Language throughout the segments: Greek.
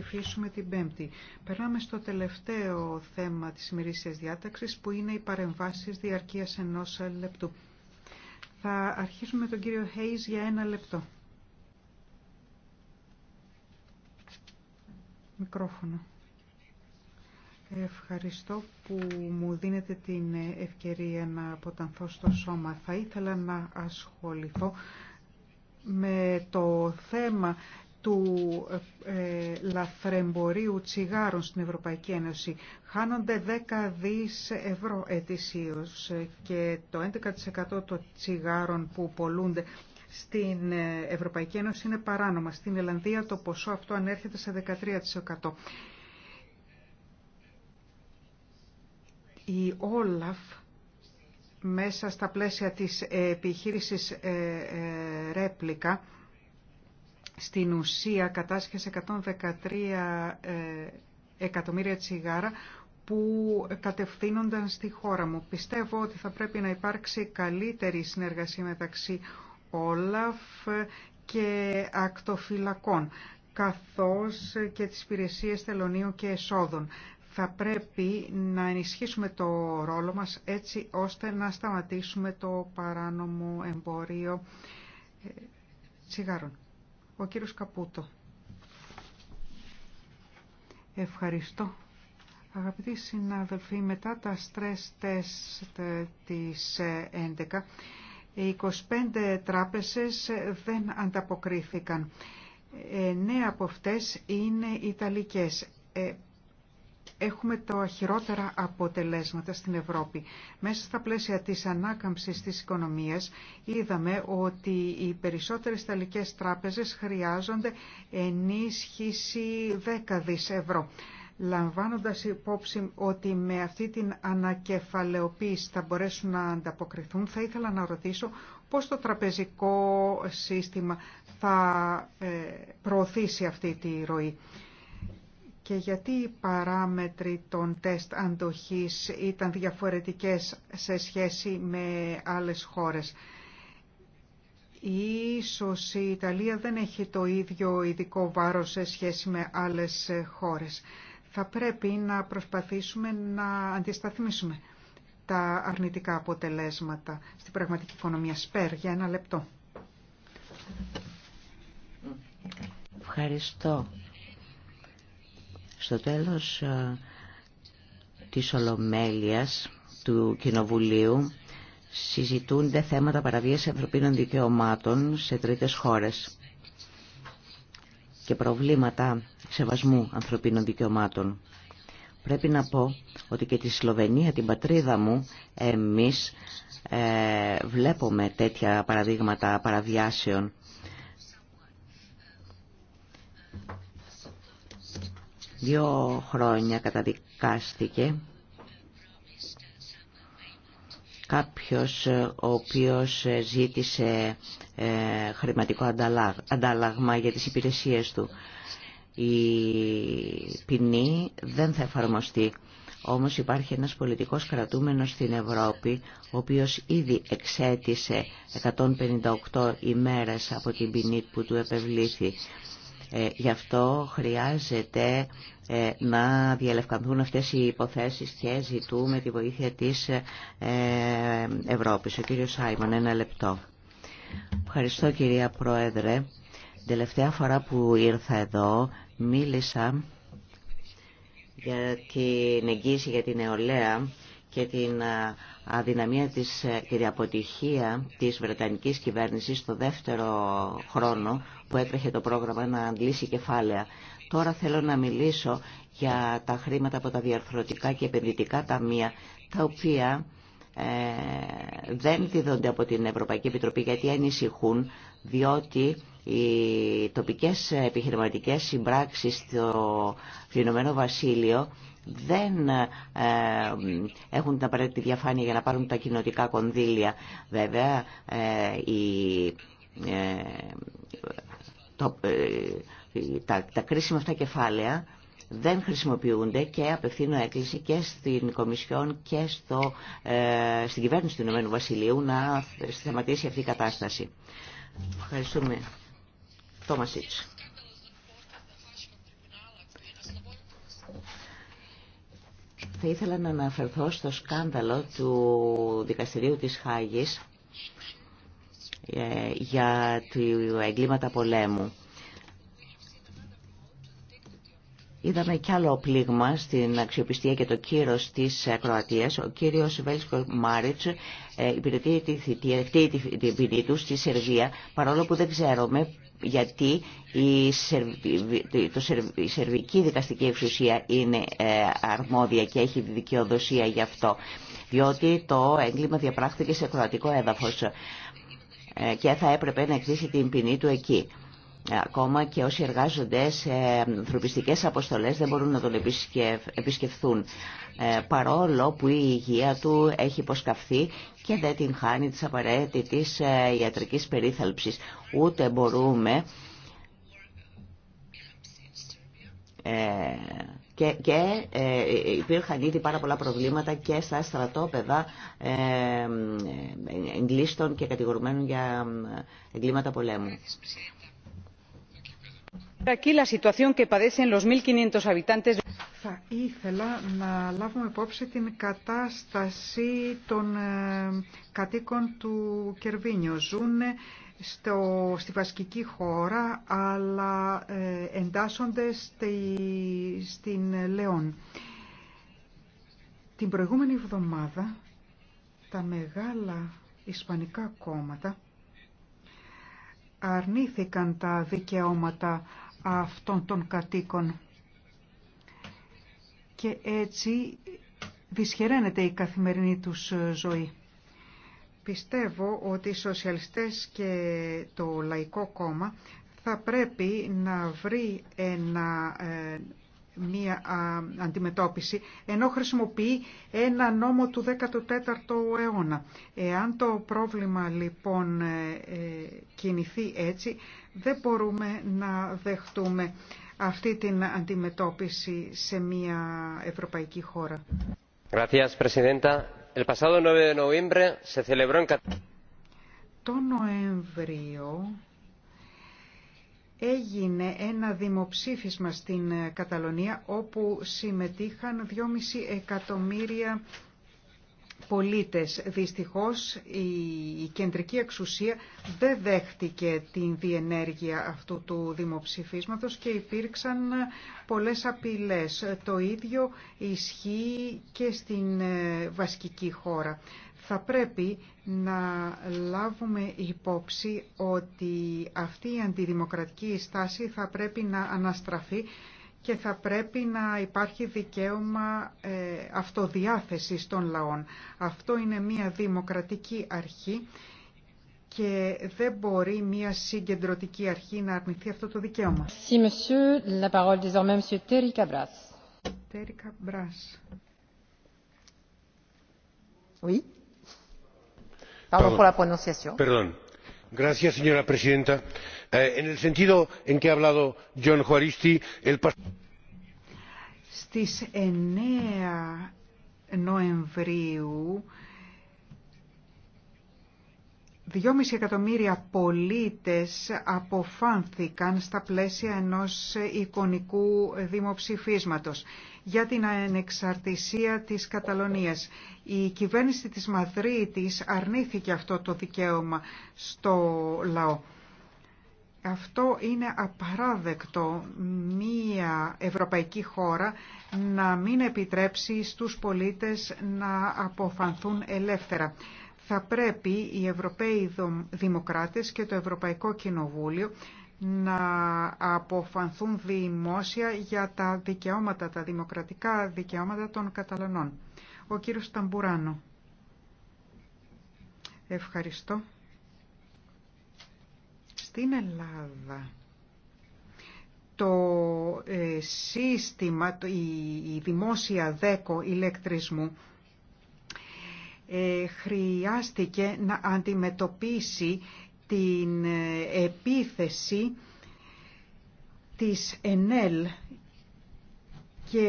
ψηφίσουμε την Πέμπτη. Περνάμε στο τελευταίο θέμα της ημερήσια διάταξης που είναι οι παρεμβάσεις διαρκείας ενός λεπτού. Θα αρχίσουμε τον κύριο Χέις για ένα λεπτό. Μικρόφωνο. Ευχαριστώ που μου δίνετε την ευκαιρία να αποτανθώ στο σώμα. Θα ήθελα να ασχοληθώ με το θέμα του ε, ε, λαθρεμπορίου τσιγάρων στην Ευρωπαϊκή Ένωση. Χάνονται 10 δις ευρώ ετησίως και το 11% των τσιγάρων που πολλούνται στην ε, Ευρωπαϊκή Ένωση είναι παράνομα. Στην Ελλανδία το ποσό αυτό ανέρχεται σε 13%. Η Όλαφ μέσα στα πλαίσια της επιχείρησης Ρέπλικα στην ουσία κατάσχεσε 113 ε, εκατομμύρια τσιγάρα που κατευθύνονταν στη χώρα μου. Πιστεύω ότι θα πρέπει να υπάρξει καλύτερη συνεργασία μεταξύ Όλαφ και ακτοφυλακών, καθώς και τις υπηρεσίε θελωνίων και εσόδων. Θα πρέπει να ενισχύσουμε το ρόλο μας έτσι ώστε να σταματήσουμε το παράνομο εμπόριο ε, τσιγάρων. Ο κύριος Καπούτο. Ευχαριστώ. Αγαπητοί συνάδελφοι, μετά τα stress test της 11, ε, οι 25 τράπεζες δεν ανταποκρίθηκαν. Ε, νέα από αυτές είναι Ιταλικές. Ε, έχουμε τα χειρότερα αποτελέσματα στην Ευρώπη. Μέσα στα πλαίσια της ανάκαμψης της οικονομίας είδαμε ότι οι περισσότερες ταλικές τράπεζες χρειάζονται ενίσχυση δέκαδης ευρώ. Λαμβάνοντας υπόψη ότι με αυτή την ανακεφαλαιοποίηση θα μπορέσουν να ανταποκριθούν, θα ήθελα να ρωτήσω πώς το τραπεζικό σύστημα θα ε, προωθήσει αυτή τη ροή και γιατί οι παράμετροι των τεστ αντοχής ήταν διαφορετικές σε σχέση με άλλες χώρες. Ίσως η Ιταλία δεν έχει το ίδιο ειδικό βάρος σε σχέση με άλλες χώρες. Θα πρέπει να προσπαθήσουμε να αντισταθμίσουμε τα αρνητικά αποτελέσματα στην πραγματική οικονομία. Σπέρ, για ένα λεπτό. Ευχαριστώ. Στο τέλος ε, της Ολομέλειας του Κοινοβουλίου συζητούνται θέματα παραβίαση ανθρωπίνων δικαιωμάτων σε τρίτες χώρες και προβλήματα σεβασμού ανθρωπίνων δικαιωμάτων. Πρέπει να πω ότι και τη Σλοβενία, την πατρίδα μου, εμείς ε, βλέπουμε τέτοια παραδείγματα παραβιάσεων δύο χρόνια καταδικάστηκε κάποιος ε, ο οποίος ε, ζήτησε ε, χρηματικό αντάλλαγμα για τις υπηρεσίες του. Η ποινή δεν θα εφαρμοστεί. Όμως υπάρχει ένας πολιτικός κρατούμενος στην Ευρώπη, ο οποίος ήδη εξέτησε 158 ημέρες από την ποινή που του επευλήθη. Ε, γι' αυτό χρειάζεται ε, να διαλευκανθούν αυτές οι υποθέσεις και ζητούμε τη βοήθεια της ε, Ευρώπης. Ο κύριος Σάιμον, ένα λεπτό. Ευχαριστώ κυρία Πρόεδρε. Τελευταία φορά που ήρθα εδώ μίλησα για την εγγύηση για την νεολαία και την ε, αδυναμία της, ε, και την αποτυχία της Βρετανικής κυβέρνησης στο δεύτερο χρόνο που έτρεχε το πρόγραμμα να αντλήσει κεφάλαια. Τώρα θέλω να μιλήσω για τα χρήματα από τα διαρθρωτικά και επενδυτικά ταμεία, τα οποία ε, δεν δίδονται από την Ευρωπαϊκή Επιτροπή γιατί ανησυχούν, διότι οι τοπικές επιχειρηματικές συμπράξεις στο Ηνωμένο Βασίλειο δεν ε, έχουν την απαραίτητη διαφάνεια για να πάρουν τα κοινοτικά κονδύλια. Βέβαια, ε, η, ε, τα, τα κρίσιμα αυτά κεφάλαια δεν χρησιμοποιούνται και απευθύνω έκκληση και στην Κομισιόν και στο, στην κυβέρνηση του Ηνωμένου Βασιλείου να σταματήσει αυτή η κατάσταση. Ευχαριστούμε. Σιτς. Θα ήθελα να αναφερθώ στο σκάνδαλο του Δικαστηρίου της Χάγης ε, για του εγκλήματα πολέμου. Είδαμε κι άλλο πλήγμα στην αξιοπιστία και το κύρος της Κροατίας. Ο κύριος Βέλσκο Μάριτς ε, υπηρετεί την ποινή του στη Σερβία, παρόλο που δεν ξέρουμε γιατί η σερβική δικαστική εξουσία είναι ε, αρμόδια και έχει δικαιοδοσία γι' αυτό. Διότι το έγκλημα διαπράχθηκε σε κροατικό έδαφος ε, και θα έπρεπε να εκτίσει την ποινή του εκεί. Ε, ακόμα και όσοι εργάζονται σε ανθρωπιστικές αποστολές δεν μπορούν να τον επισκεφθούν ε, παρόλο που η υγεία του έχει υποσκαφθεί και δεν την χάνει της απαραίτητης ε, ιατρικής περίθαλψης. Ούτε μπορούμε και, και ε, υπήρχαν ήδη πάρα πολλά προβλήματα και στα στρατόπεδα ε, εγκλήστων και κατηγορουμένων για εγκλήματα πολέμου. Θα ήθελα να λάβουμε υπόψη την κατάσταση των ε, κατοίκων του Κερβίνιο. Ζουν ε, στο, στη βασική χώρα, αλλά ε, εντάσσονται στην Λεόν. Την προηγούμενη εβδομάδα τα μεγάλα ισπανικά κόμματα αρνήθηκαν τα δικαιώματα αυτών των κατοίκων. Και έτσι δυσχεραίνεται η καθημερινή τους ζωή. Πιστεύω ότι οι σοσιαλιστές και το Λαϊκό Κόμμα θα πρέπει να βρει ένα, ε, μία αντιμετώπιση, ενώ χρησιμοποιεί ένα νόμο του 14ου αιώνα. Εάν το πρόβλημα λοιπόν ε, ε, κινηθεί έτσι, δεν μπορούμε να δεχτούμε αυτή την αντιμετώπιση σε μια ευρωπαϊκή χώρα. Το Νοέμβριο έγινε ένα δημοψήφισμα στην Καταλωνία όπου συμμετείχαν 2,5 εκατομμύρια πολίτες. Δυστυχώς η κεντρική εξουσία δεν δέχτηκε την διενέργεια αυτού του δημοψηφίσματος και υπήρξαν πολλές απειλές. Το ίδιο ισχύει και στην ε, βασική χώρα. Θα πρέπει να λάβουμε υπόψη ότι αυτή η αντιδημοκρατική στάση θα πρέπει να αναστραφεί και θα πρέπει να υπάρχει δικαίωμα ε, αυτοδιάθεσης των λαών. Αυτό είναι μια δημοκρατική αρχή και δεν μπορεί μια συγκεντρωτική αρχή να αρνηθεί αυτό το δικαίωμα. Sí, monsieur. La parole désormais, monsieur Terry Cabras. Terry Cabras. Oui. Pardon, Pardon. pour la prononciation. Perdón. Gracias, señora presidenta en Στις 9 Νοεμβρίου 2,5 εκατομμύρια πολίτες αποφάνθηκαν στα πλαίσια ενός εικονικού δημοψηφίσματος για την ανεξαρτησία της Καταλωνίας. Η κυβέρνηση της Μαδρίτης αρνήθηκε αυτό το δικαίωμα στο λαό. Αυτό είναι απαράδεκτο μία ευρωπαϊκή χώρα να μην επιτρέψει στους πολίτες να αποφανθούν ελεύθερα. Θα πρέπει οι Ευρωπαίοι Δημοκράτες και το Ευρωπαϊκό Κοινοβούλιο να αποφανθούν δημόσια για τα δικαιώματα, τα δημοκρατικά δικαιώματα των Καταλανών. Ο κύριος Ταμπουράνο. Ευχαριστώ. Στην Ελλάδα το ε, σύστημα, η δημόσια δέκο ηλεκτρισμού ε, χρειάστηκε να αντιμετωπίσει την ε, επίθεση της ΕΝΕΛ και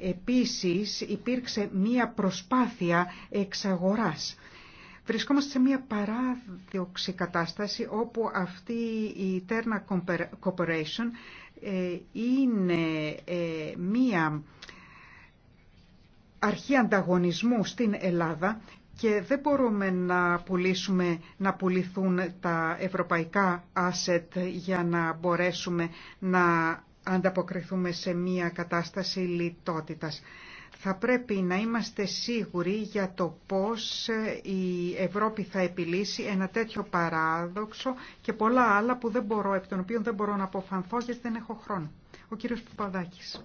επίσης υπήρξε μία προσπάθεια εξαγοράς Βρισκόμαστε σε μια παράδοξη κατάσταση όπου αυτή η Terna Corporation ε, είναι ε, μια αρχή ανταγωνισμού στην Ελλάδα και δεν μπορούμε να πουλήσουμε, να πουληθούν τα ευρωπαϊκά asset για να μπορέσουμε να ανταποκριθούμε σε μια κατάσταση λιτότητας θα πρέπει να είμαστε σίγουροι για το πώς η Ευρώπη θα επιλύσει ένα τέτοιο παράδοξο και πολλά άλλα που δεν μπορώ, επί των οποίων δεν μπορώ να αποφανθώ γιατί δεν έχω χρόνο. Ο κύριος Παπαδάκης.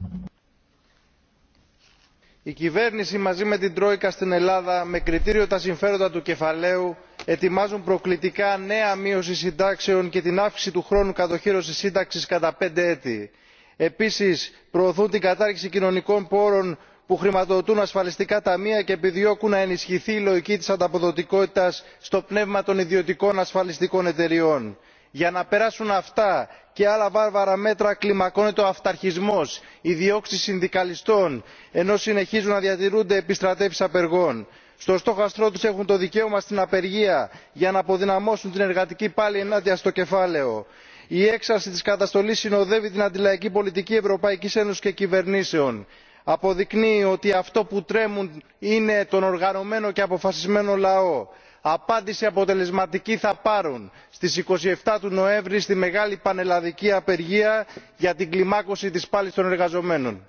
Η κυβέρνηση μαζί με την Τρόικα στην Ελλάδα με κριτήριο τα συμφέροντα του κεφαλαίου ετοιμάζουν προκλητικά νέα μείωση συντάξεων και την αύξηση του χρόνου κατοχήρωσης σύνταξης κατά πέντε έτη. Επίσης προωθούν την κατάργηση κοινωνικών πόρων που χρηματοδοτούν ασφαλιστικά ταμεία και επιδιώκουν να ενισχυθεί η λογική της ανταποδοτικότητας στο πνεύμα των ιδιωτικών ασφαλιστικών εταιριών. για να περάσουν αυτά και άλλα βάρβαρα μέτρα κλιμακώνεται ο αυταρχισμός οι διώξεις συνδικαλιστών ενώ συνεχίζουν να διατηρούνται επιστρατεύσεις απεργών. στο στόχαστρό τους έχουν το δικαίωμα στην απεργία για να αποδυναμώσουν την εργατική πάλη ενάντια στο κεφάλαιο. η έξαρση της καταστολής συνοδεύει την αντιλαϊκή πολιτική ευρωπαϊκής ένωσης και κυβερνήσεων αποδεικνύει ότι αυτό που τρέμουν είναι τον οργανωμένο και αποφασισμένο λαό. απάντηση αποτελεσματική θα πάρουν στις 27 του νοέμβρη στη μεγάλη πανελλαδική απεργία για την κλιμάκωση της πάλης των εργαζομένων.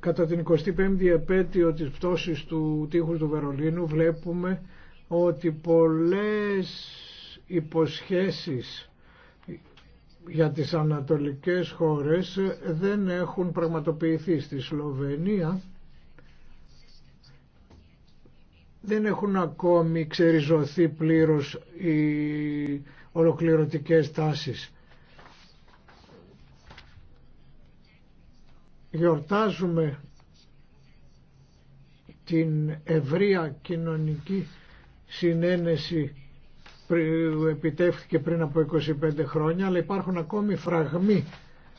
κατά την 25η επέτειο της πτώσης του τείχους του Βερολίνου βλέπουμε ότι πολλές υποσχέσεις για τις ανατολικές χώρες δεν έχουν πραγματοποιηθεί στη Σλοβενία δεν έχουν ακόμη ξεριζωθεί πλήρως οι ολοκληρωτικές τάσεις γιορτάζουμε την ευρεία κοινωνική συνένεση που επιτεύχθηκε πριν από 25 χρόνια, αλλά υπάρχουν ακόμη φραγμοί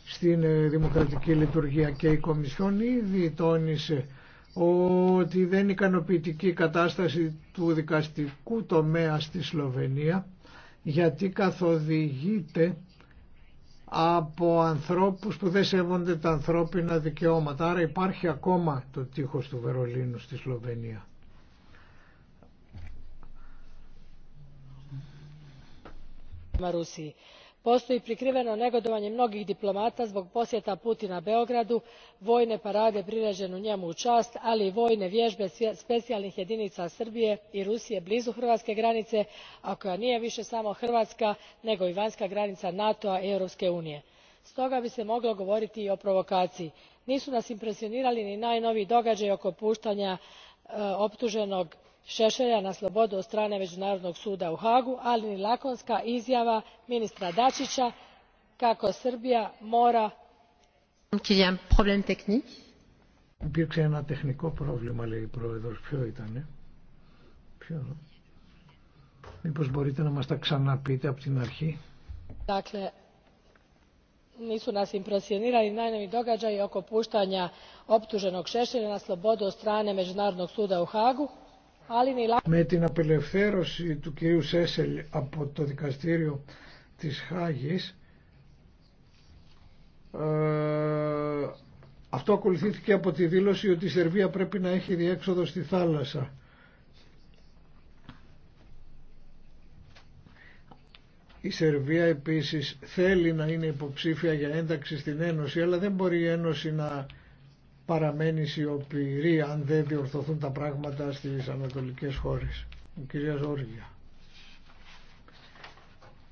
στην ε, δημοκρατική λειτουργία και η Κομισιόν ήδη τόνισε ότι δεν είναι ικανοποιητική κατάσταση του δικαστικού τομέα στη Σλοβενία γιατί καθοδηγείται από ανθρώπους που δεν σέβονται τα ανθρώπινα δικαιώματα. Άρα υπάρχει ακόμα το τείχος του Βερολίνου στη Σλοβενία. Μαρούσι postoji prikriveno negodovanje mnogih diplomata zbog posjeta putina beogradu vojne parade priređene njemu u čast ali i vojne vježbe specijalnih jedinica srbije i rusije blizu hrvatske granice a koja nije više samo hrvatska nego i vanjska granica nato a i europske unije. stoga bi se moglo govoriti i o provokaciji. nisu nas impresionirali ni najnoviji događaji oko puštanja optuženog šešelja na slobodu od strane međunarodnog suda u haagu ali ni lakonska izjava ministra dačića kako srbija mora Dakle, nisu nas impresionirali najnoviji događaji oko puštanja optuženog Šešelja na slobodu od strane Međunarodnog suda u Hagu. Με την απελευθέρωση του κυρίου Σέσελ από το δικαστήριο της Χάγης ε, αυτό ακολουθήθηκε από τη δήλωση ότι η Σερβία πρέπει να έχει διέξοδο στη θάλασσα. Η Σερβία επίσης θέλει να είναι υποψήφια για ένταξη στην Ένωση αλλά δεν μπορεί η Ένωση να παραμένει σιωπηρή αν δεν διορθωθούν τα πράγματα στις ανατολικές χώρες. Ο κυρία Ζόργια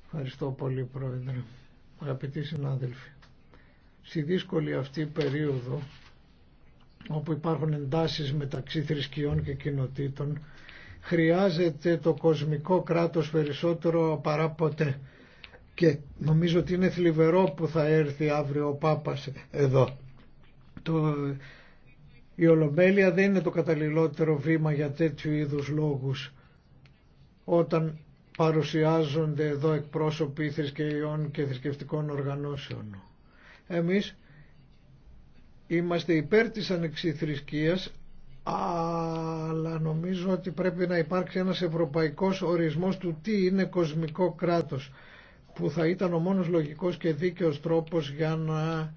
Ευχαριστώ πολύ Πρόεδρε. Αγαπητοί συνάδελφοι. Στη δύσκολη αυτή περίοδο όπου υπάρχουν εντάσεις μεταξύ θρησκειών και κοινοτήτων χρειάζεται το κοσμικό κράτος περισσότερο παρά ποτέ. Και νομίζω ότι είναι θλιβερό που θα έρθει αύριο ο Πάπας εδώ το, η Ολομέλεια δεν είναι το καταλληλότερο βήμα για τέτοιου είδους λόγους όταν παρουσιάζονται εδώ εκπρόσωποι θρησκευών και θρησκευτικών οργανώσεων. Εμείς είμαστε υπέρ της ανεξιθρησκείας αλλά νομίζω ότι πρέπει να υπάρξει ένας ευρωπαϊκός ορισμός του τι είναι κοσμικό κράτος που θα ήταν ο μόνος λογικός και δίκαιος τρόπος για να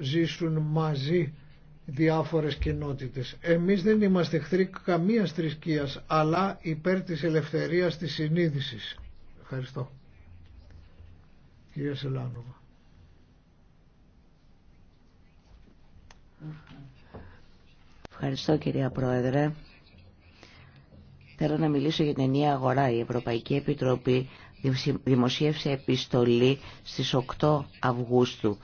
ζήσουν μαζί διάφορες κοινότητες. Εμείς δεν είμαστε εχθροί καμίας θρησκείας, αλλά υπέρ της ελευθερίας της συνείδησης. Ευχαριστώ. Κυρία Σελάνοβα. Ευχαριστώ κυρία Πρόεδρε. Θέλω να μιλήσω για την ενιαία αγορά. Η Ευρωπαϊκή Επιτροπή δημοσίευσε επιστολή στις 8 Αυγούστου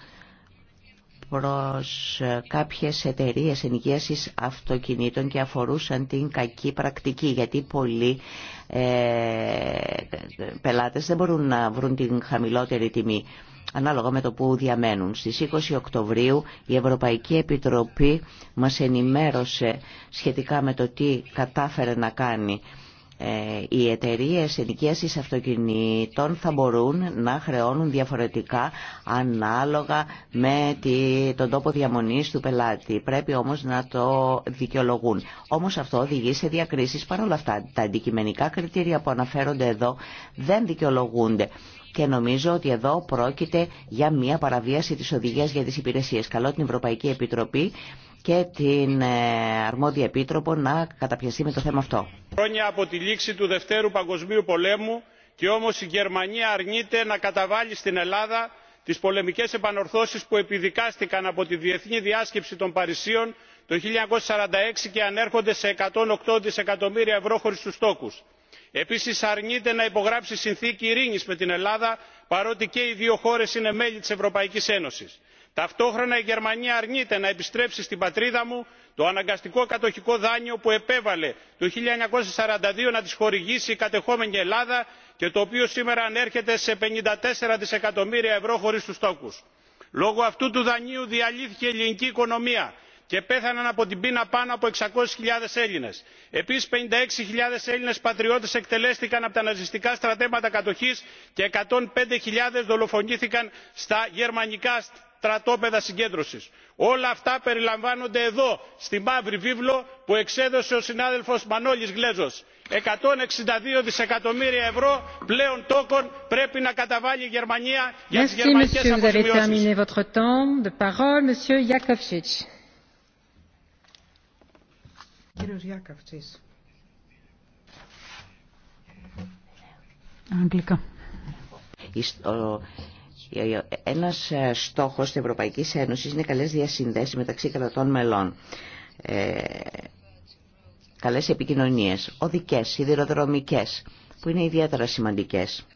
προς ε, κάποιες εταιρείες ενοικίασης αυτοκινήτων και αφορούσαν την κακή πρακτική γιατί πολλοί ε, πελάτες δεν μπορούν να βρουν την χαμηλότερη τιμή ανάλογα με το που διαμένουν. Στις 20 Οκτωβρίου η Ευρωπαϊκή Επιτροπή μας ενημέρωσε σχετικά με το τι κατάφερε να κάνει ε, οι εταιρείε ενοικίασης αυτοκινήτων θα μπορούν να χρεώνουν διαφορετικά ανάλογα με τον τόπο διαμονής του πελάτη. Πρέπει όμως να το δικαιολογούν. Όμως αυτό οδηγεί σε διακρίσεις. παρόλα αυτά τα αντικειμενικά κριτήρια που αναφέρονται εδώ δεν δικαιολογούνται. Και νομίζω ότι εδώ πρόκειται για μια παραβίαση της οδηγίας για τις υπηρεσίες. Καλό την Ευρωπαϊκή Επιτροπή και την ε, αρμόδια επίτροπο να καταπιαστεί με το θέμα αυτό. Χρόνια από τη λήξη του Δευτέρου Παγκοσμίου Πολέμου και όμως η Γερμανία αρνείται να καταβάλει στην Ελλάδα τις πολεμικές επανορθώσεις που επιδικάστηκαν από τη Διεθνή Διάσκεψη των Παρισίων το 1946 και ανέρχονται σε 108 δισεκατομμύρια ευρώ χωρίς τους τόκους. Επίσης αρνείται να υπογράψει συνθήκη ειρήνης με την Ελλάδα παρότι και οι δύο χώρες είναι μέλη της Ευρωπαϊκής Ένωσης ταυτόχρονα η γερμανία αρνείται να επιστρέψει στην πατρίδα μου το αναγκαστικό κατοχικό δάνειο που επέβαλε το 1942 να της χορηγήσει η κατεχόμενη ελλάδα και το οποίο σήμερα ανέρχεται σε 54 δισεκατομμύρια ευρώ χωρίς τους τόκους. λόγω αυτού του δανείου διαλύθηκε η ελληνική οικονομία και πέθαναν από την πείνα πάνω από 600.000 Έλληνες. Επίσης 56.000 Έλληνες πατριώτες εκτελέστηκαν από τα ναζιστικά στρατεύματα κατοχής και 105.000 δολοφονήθηκαν στα γερμανικά στρατόπεδα συγκέντρωσης. όλα αυτά περιλαμβάνονται εδώ στη μαύρη βίβλο που εξέδωσε ο συνάδελφος μανώλης γλέζος. 162 δισεκατομμύρια ευρώ πλέον τόκων πρέπει να καταβάλει η Γερμανία για τις γερμανικές αποζημιώσεις. Αγγλικά. Ε, ένας ε, στόχος της Ευρωπαϊκής Ένωσης είναι καλές διασυνδέσεις μεταξύ κρατών μελών. Ε, καλές επικοινωνίες, οδικές, σιδηροδρομικές, που είναι ιδιαίτερα σημαντικές.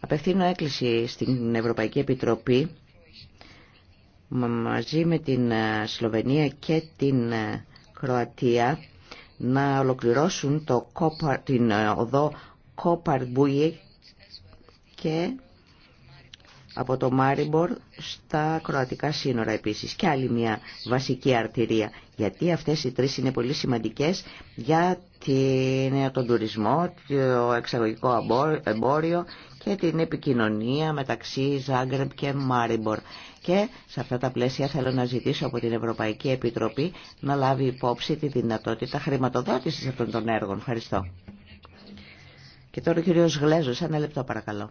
Απευθύνω έκκληση στην Ευρωπαϊκή Επιτροπή μαζί με την ε, Σλοβενία και την Κροατία να ολοκληρώσουν το την οδό Κόπαρ και από το Μάριμπορ στα κροατικά σύνορα επίσης και άλλη μια βασική αρτηρία γιατί αυτές οι τρεις είναι πολύ σημαντικές για την, τον τουρισμό, το εξαγωγικό εμπόριο και την επικοινωνία μεταξύ Ζάγκρεπ και Μάριμπορ. Και σε αυτά τα πλαίσια θέλω να ζητήσω από την Ευρωπαϊκή Επιτροπή να λάβει υπόψη τη δυνατότητα χρηματοδότησης αυτών των έργων. Ευχαριστώ. Και τώρα ο κύριος Γλέζος, ένα λεπτό παρακαλώ.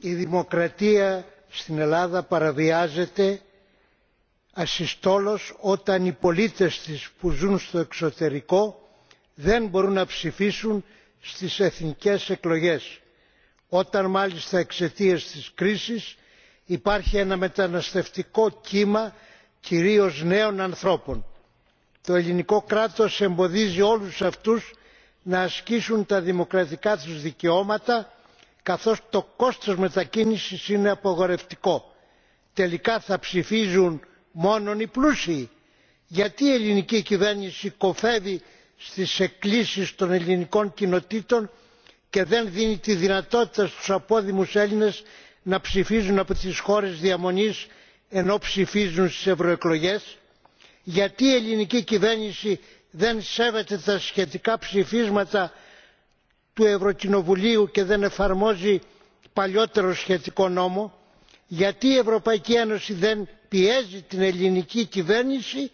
Η δημοκρατία στην Ελλάδα παραβιάζεται ασυστόλως όταν οι πολίτες της που ζουν στο εξωτερικό δεν μπορούν να ψηφίσουν στις εθνικές εκλογές όταν μάλιστα εξαιτίας της κρίσης υπάρχει ένα μεταναστευτικό κύμα κυρίως νέων ανθρώπων το ελληνικό κράτος εμποδίζει όλους αυτούς να ασκήσουν τα δημοκρατικά τους δικαιώματα καθώς το κόστος μετακίνησης είναι απογορευτικό. τελικά θα ψηφίζουν μόνον οι πλούσιοι. γιατί η ελληνική κυβέρνηση κοφεύει στις εκκλήσεις των ελληνικών κοινοτήτων και δεν δίνει τη δυνατότητα στους απόδημους έλληνες να ψηφίζουν από τις χώρες διαμονής ενώ ψηφίζουν στις ευρωεκλογές; γιατί η ελληνική κυβέρνηση δεν σέβεται τα σχετικά ψηφίσματα του ευρωκοινοβουλίου και δεν εφαρμόζει παλιότερο σχετικό νόμο γιατί η ευρωπαϊκή ένωση δεν πιέζει την ελληνική κυβέρνηση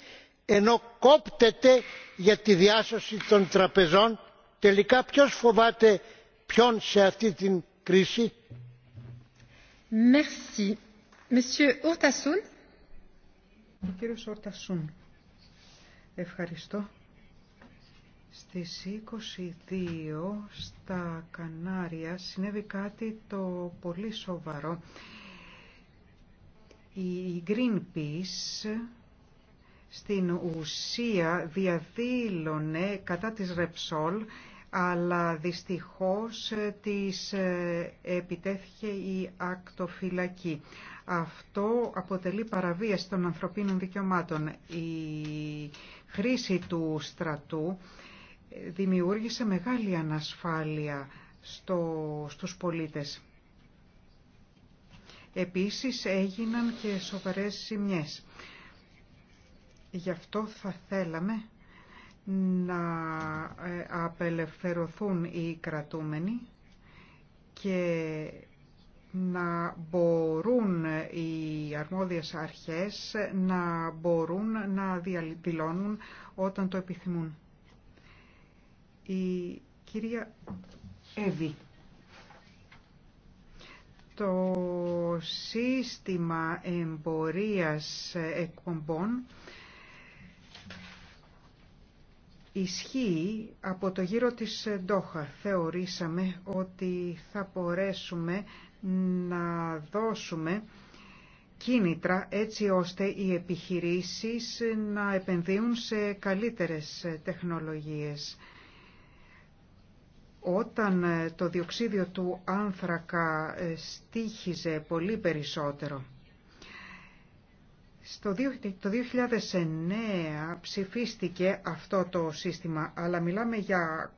ενώ κόπτεται για τη διάσωση των τραπεζών τελικά ποιος φοβάται ποιον σε αυτή την κρίση. Merci. Monsieur Ευχαριστώ. Στις 22 στα Κανάρια συνέβη κάτι το πολύ σοβαρό. Η Greenpeace στην ουσία διαδήλωνε κατά της Ρεψόλ αλλά δυστυχώς της ε, επιτέθηκε η ακτοφυλακή. Αυτό αποτελεί παραβίαση των ανθρωπίνων δικαιωμάτων. Η χρήση του στρατού δημιούργησε μεγάλη ανασφάλεια στο, στους πολίτες. Επίσης έγιναν και σοβαρές ζημιές. Γι' αυτό θα θέλαμε να ε, απελευθερωθούν οι κρατούμενοι και να μπορούν οι αρμόδιες αρχές να μπορούν να δηλώνουν όταν το επιθυμούν. Η κυρία Εύη. Το σύστημα εμπορίας εκπομπών ισχύει από το γύρο της Ντόχα. Θεωρήσαμε ότι θα μπορέσουμε να δώσουμε κίνητρα έτσι ώστε οι επιχειρήσεις να επενδύουν σε καλύτερες τεχνολογίες. Όταν το διοξίδιο του άνθρακα στήχιζε πολύ περισσότερο, στο το 2009 ψηφίστηκε αυτό το σύστημα, αλλά μιλάμε για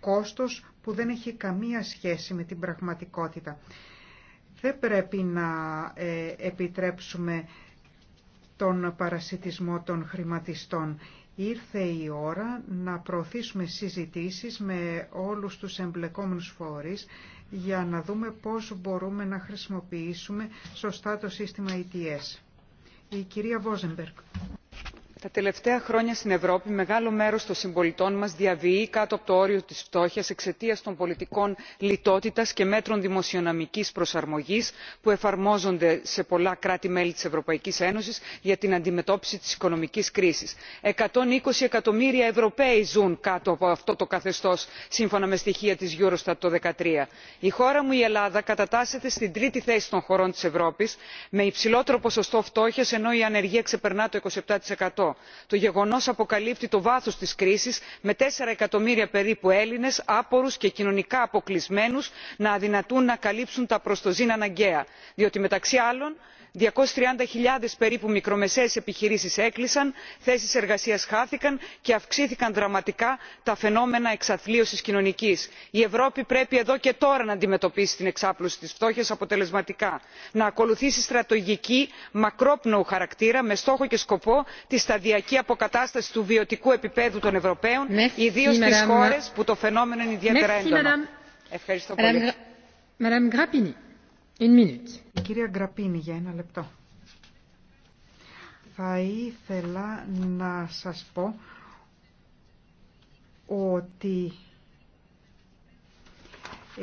κόστος που δεν έχει καμία σχέση με την πραγματικότητα. Δεν πρέπει να ε, επιτρέψουμε τον παρασιτισμό των χρηματιστών. Ήρθε η ώρα να προωθήσουμε συζητήσεις με όλους τους εμπλεκόμενους φορείς για να δούμε πώς μπορούμε να χρησιμοποιήσουμε σωστά το σύστημα ETS. Η κυρία Βόζεμπεργκ τα τελευταία χρόνια στην ευρώπη μεγάλο μέρο των συμπολιτών μα διαβιεί κάτω από το όριο τη φτώχεια, εξαιτία των πολιτικών λιτότητα και μέτρων δημοσιονομική προσαρμογή που εφαρμόζονται σε πολλά κράτη μέλη τη Ευρωπαϊκή Ένωση για την αντιμετώπιση της οικονομικής κρίσης. 120 εκατομμύρια ευρωπαίοι ζουν κάτω από αυτό το καθεστώ, σύμφωνα με στοιχεία τη eurostat το. 2013. η χώρα μου η ελλάδα κατατάσσεται στην τρίτη θέση των χωρών τη Ευρώπη, με υψηλότερο ποσοστό φτώχεια ενώ η ανεργία ξεπερνά το 27% το γεγονός αποκαλύπτει το βάθος της κρίσης με τέσσερα εκατομμύρια περίπου έλληνες άπορους και κοινωνικά αποκλεισμένου, να αδυνατούν να καλύψουν τα προστοζήνα αναγκαία διότι μεταξύ άλλων 230.000 περίπου μικρομεσαίες επιχειρήσεις έκλεισαν, θέσεις εργασίας χάθηκαν και αυξήθηκαν δραματικά τα φαινόμενα εξαθλίωσης κοινωνικής. Η Ευρώπη πρέπει εδώ και τώρα να αντιμετωπίσει την εξάπλωση της φτώχειας αποτελεσματικά, να ακολουθήσει στρατηγική μακρόπνοου χαρακτήρα με στόχο και σκοπό τη σταδιακή αποκατάσταση του βιωτικού επίπεδου των Ευρωπαίων, ιδίως στις χώρες που το φαινόμενο είναι ιδιαίτερα έντονο κυρία Γκραπίνη για ένα λεπτό. Θα ήθελα να σας πω ότι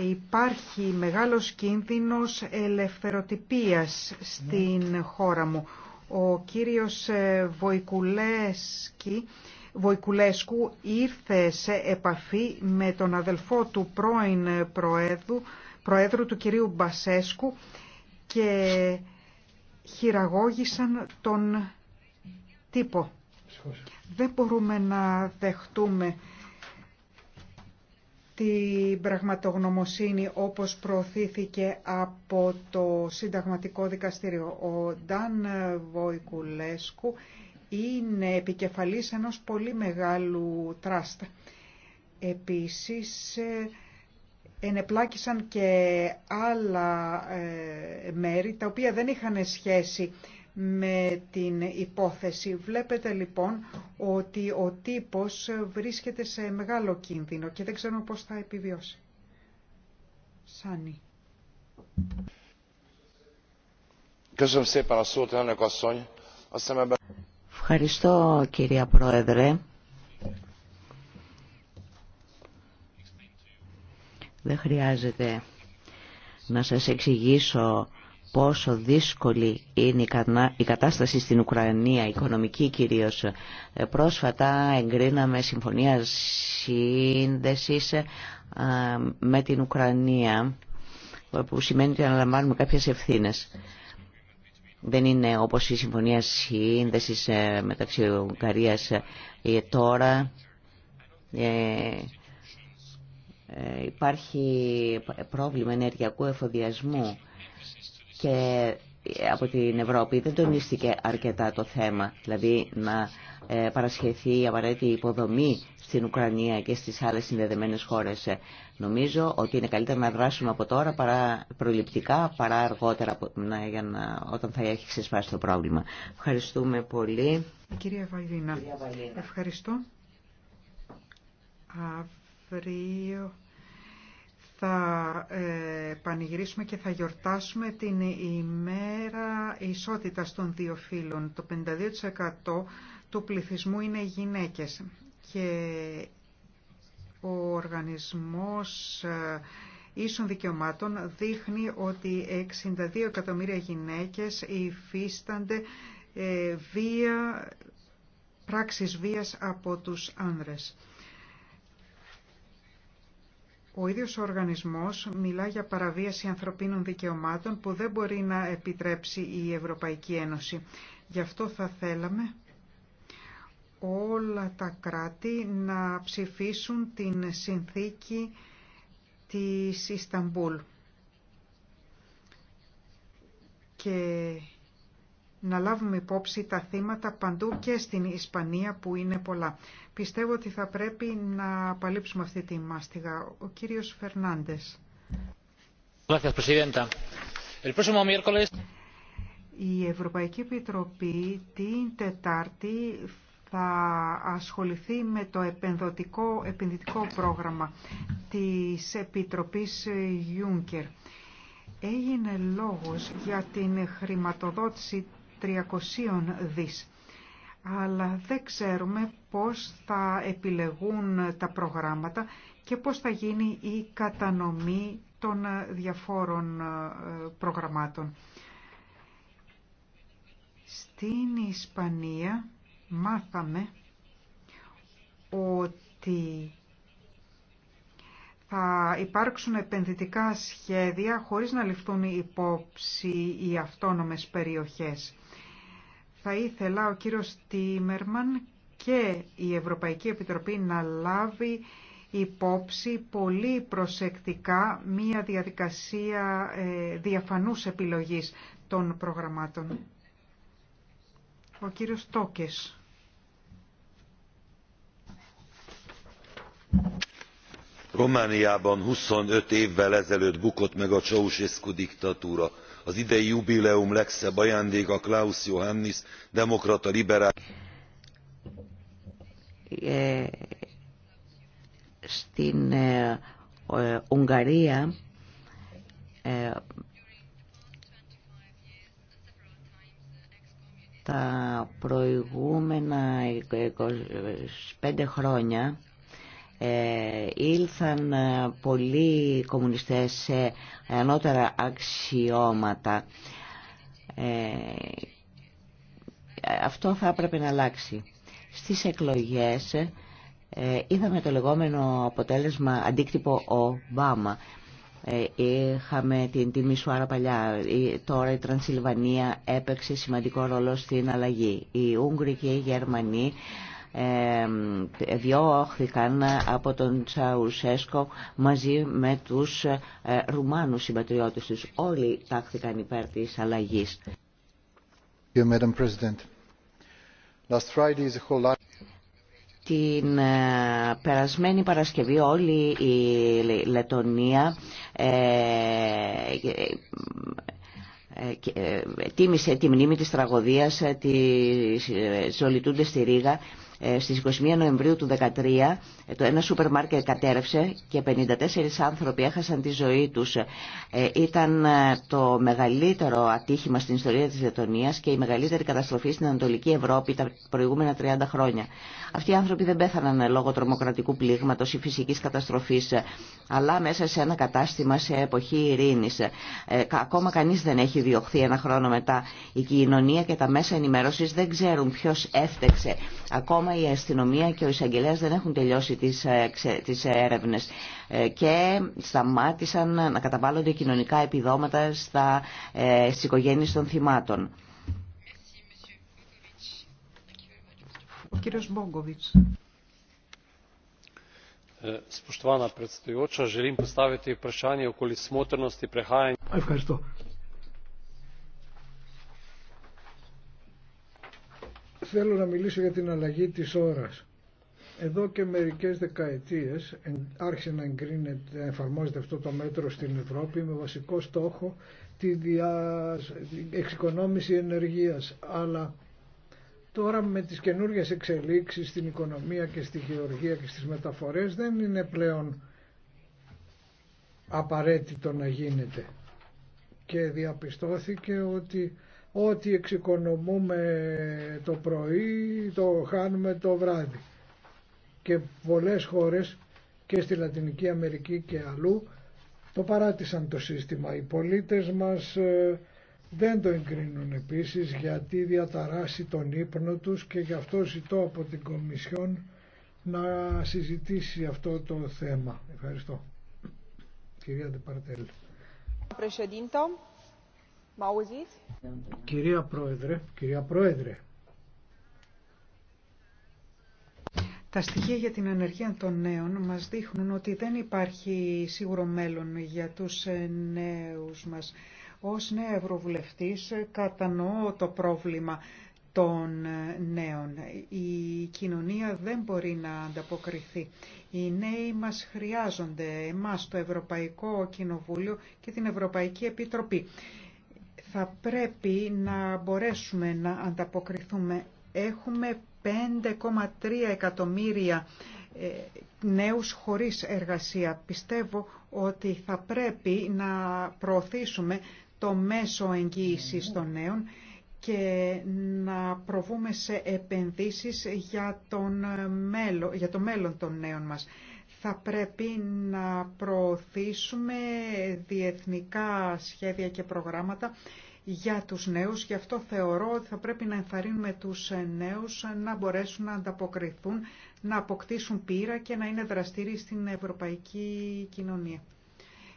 υπάρχει μεγάλος κίνδυνος ελευθεροτυπίας στην ναι. χώρα μου. Ο κύριος ε, Βοικουλέσκι, Βοικουλέσκου ήρθε σε επαφή με τον αδελφό του πρώην Προέδρου Προέδρου του κυρίου Μπασέσκου και χειραγώγησαν τον τύπο. Δεν μπορούμε να δεχτούμε την πραγματογνωμοσύνη όπως προωθήθηκε από το Συνταγματικό Δικαστήριο. Ο Νταν Βοικουλέσκου είναι επικεφαλής ενός πολύ μεγάλου τράστα. Επίσης ε, ενεπλάκησαν και άλλα ε, μέρη τα οποία δεν είχαν σχέση με την υπόθεση. Βλέπετε λοιπόν ότι ο τύπος βρίσκεται σε μεγάλο κίνδυνο και δεν ξέρω πώς θα επιβιώσει. Σάνι. Ευχαριστώ κυρία Πρόεδρε. Δεν χρειάζεται να σας εξηγήσω πόσο δύσκολη είναι η κατάσταση στην Ουκρανία, οικονομική κυρίως. Ε, πρόσφατα εγκρίναμε συμφωνία σύνδεσης ε, με την Ουκρανία, που σημαίνει ότι αναλαμβάνουμε κάποιες ευθύνες. Δεν είναι όπως η συμφωνία σύνδεσης ε, μεταξύ Ουγγαρίας τώρα ε, υπάρχει πρόβλημα ενεργειακού εφοδιασμού και από την Ευρώπη δεν τονίστηκε αρκετά το θέμα, δηλαδή να ε, παρασχεθεί η απαραίτητη υποδομή στην Ουκρανία και στις άλλες συνδεδεμένες χώρες. Ε, νομίζω ότι είναι καλύτερα να δράσουμε από τώρα προληπτικά παρά αργότερα για να, όταν θα έχει ξεσπάσει το πρόβλημα. Ευχαριστούμε πολύ. Κυρία Βαλίνα. ευχαριστώ αύριο θα ε, πανηγυρίσουμε και θα γιορτάσουμε την ημέρα ισότητας των δύο φύλων. Το 52% του πληθυσμού είναι γυναίκες και ο οργανισμός ε, ίσων δικαιωμάτων δείχνει ότι 62 εκατομμύρια γυναίκες υφίστανται ε, βία, πράξεις βίας από τους άνδρες. Ο ίδιος ο οργανισμός μιλά για παραβίαση ανθρωπίνων δικαιωμάτων που δεν μπορεί να επιτρέψει η Ευρωπαϊκή Ένωση. Γι' αυτό θα θέλαμε όλα τα κράτη να ψηφίσουν την συνθήκη της Ισταμπούλ. Και να λάβουμε υπόψη τα θύματα παντού και στην Ισπανία που είναι πολλά. Πιστεύω ότι θα πρέπει να απαλείψουμε αυτή τη μάστιγα. Ο κύριος Φερνάντες. Η Ευρωπαϊκή Επιτροπή την Τετάρτη θα ασχοληθεί με το επενδυτικό, επενδυτικό πρόγραμμα της Επιτροπής Juncker. Έγινε λόγος για την χρηματοδότηση 300 δις. Αλλά δεν ξέρουμε πώς θα επιλεγούν τα προγράμματα και πώς θα γίνει η κατανομή των διαφόρων ε, προγραμμάτων. Στην Ισπανία μάθαμε ότι θα υπάρξουν επενδυτικά σχέδια χωρίς να ληφθούν υπόψη οι αυτόνομες περιοχές. Θα ήθελα ο κύριος Τίμερμαν και η Ευρωπαϊκή Επιτροπή να λάβει υπόψη πολύ προσεκτικά μία διαδικασία ε, διαφανούς επιλογής των προγραμμάτων. Ο κύριος Τόκες. Ρωμανιά, 25 χρόνια πριν από με a Ceausescu δικτατούρα az idei jubileum legszebb ajándéka klaus johannis demokrata liberális στην ε, ε, Ουγγαρία ε, τα προηγούμενα 25 χρόνια ε, ήλθαν ε, πολλοί κομμουνιστές σε ανώτερα αξιώματα. Ε, αυτό θα έπρεπε να αλλάξει. Στις εκλογές είδαμε το λεγόμενο αποτέλεσμα αντίκτυπο Ομπάμα. Είχαμε την τιμή άρα παλιά, τώρα η Τρανσιλβανία έπαιξε σημαντικό ρόλο στην αλλαγή. Οι Ούγγροι και οι Γερμανοί ε, διώχθηκαν από τον Τσαουσέσκο μαζί με τους ε, Ρουμάνους συμπατριώτες τους. Όλοι τάχθηκαν υπέρ της αλλαγής. Την ε, περασμένη Παρασκευή όλη η Λετωνία τίμησε τη μνήμη της τραγωδίας της ζολιτούντες στη Ρήγα ε, στις 21 Νοεμβρίου του 2013 το ένα σούπερ μάρκετ κατέρευσε και 54 άνθρωποι έχασαν τη ζωή τους. Ε, ήταν ε, το μεγαλύτερο ατύχημα στην ιστορία της Λετωνίας και η μεγαλύτερη καταστροφή στην Ανατολική Ευρώπη τα προηγούμενα 30 χρόνια. Αυτοί οι άνθρωποι δεν πέθαναν λόγω τρομοκρατικού πλήγματος ή φυσικής καταστροφής, ε, αλλά μέσα σε ένα κατάστημα σε εποχή ειρήνης. ακόμα κανείς δεν έχει διωχθεί ένα χρόνο μετά. Η κοινωνία και τα μέσα ενημέρωσης δεν ξέρουν ποιος έφτεξε. Ακόμα η αστυνομία και ο εισαγγελέας δεν έχουν τελειώσει τις, ε, τις έρευνες ε, και σταμάτησαν να καταβάλλονται κοινωνικά επιδόματα στα, ε, στις οικογένειες των θυμάτων. κύριος Ευχαριστώ. Θέλω να μιλήσω για την αλλαγή της ώρας. Εδώ και μερικές δεκαετίες άρχισε να, να εφαρμόζεται αυτό το μέτρο στην Ευρώπη με βασικό στόχο τη δια... εξοικονόμηση ενεργείας. Αλλά τώρα με τις καινούργιες εξελίξεις στην οικονομία και στη γεωργία και στις μεταφορές δεν είναι πλέον απαραίτητο να γίνεται. Και διαπιστώθηκε ότι ό,τι εξοικονομούμε το πρωί το χάνουμε το βράδυ και πολλές χώρες και στη Λατινική Αμερική και αλλού το παράτησαν το σύστημα. Οι πολίτες μας ε, δεν το εγκρίνουν επίσης γιατί διαταράσει τον ύπνο τους και γι' αυτό ζητώ από την Κομισιόν να συζητήσει αυτό το θέμα. Ευχαριστώ. Κυρία Ντεπαρτέλ. Κυρία Πρόεδρε, κυρία Πρόεδρε, Τα στοιχεία για την ανεργία των νέων μας δείχνουν ότι δεν υπάρχει σίγουρο μέλλον για τους ε, νέους μας. Ως νέα ευρωβουλευτής ε, κατανοώ το πρόβλημα των ε, νέων. Η κοινωνία δεν μπορεί να ανταποκριθεί. Οι νέοι μας χρειάζονται, εμάς το Ευρωπαϊκό Κοινοβούλιο και την Ευρωπαϊκή Επιτροπή. Θα πρέπει να μπορέσουμε να ανταποκριθούμε Έχουμε 5,3 εκατομμύρια ε, νέους χωρίς εργασία. Πιστεύω ότι θα πρέπει να προωθήσουμε το μέσο εγγύησης των νέων και να προβούμε σε επενδύσεις για, τον ε, μέλο για το μέλλον των νέων μας. Θα πρέπει να προωθήσουμε διεθνικά σχέδια και προγράμματα για τους νέους. Γι' αυτό θεωρώ ότι θα πρέπει να ενθαρρύνουμε τους ε, νέους ε, να μπορέσουν να ανταποκριθούν, να αποκτήσουν πείρα και να είναι δραστήριοι στην ευρωπαϊκή κοινωνία.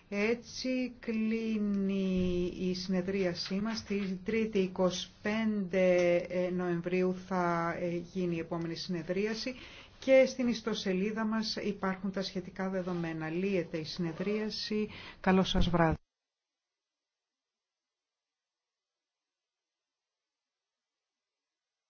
Έτσι κλείνει η συνεδρίασή μας. Τη 3η 25 ε, Νοεμβρίου θα γίνει η επόμενη συνεδρίαση και στην ιστοσελίδα μας υπάρχουν τα σχετικά δεδομένα. Λύεται η συνεδρίαση. Καλό σας βράδυ.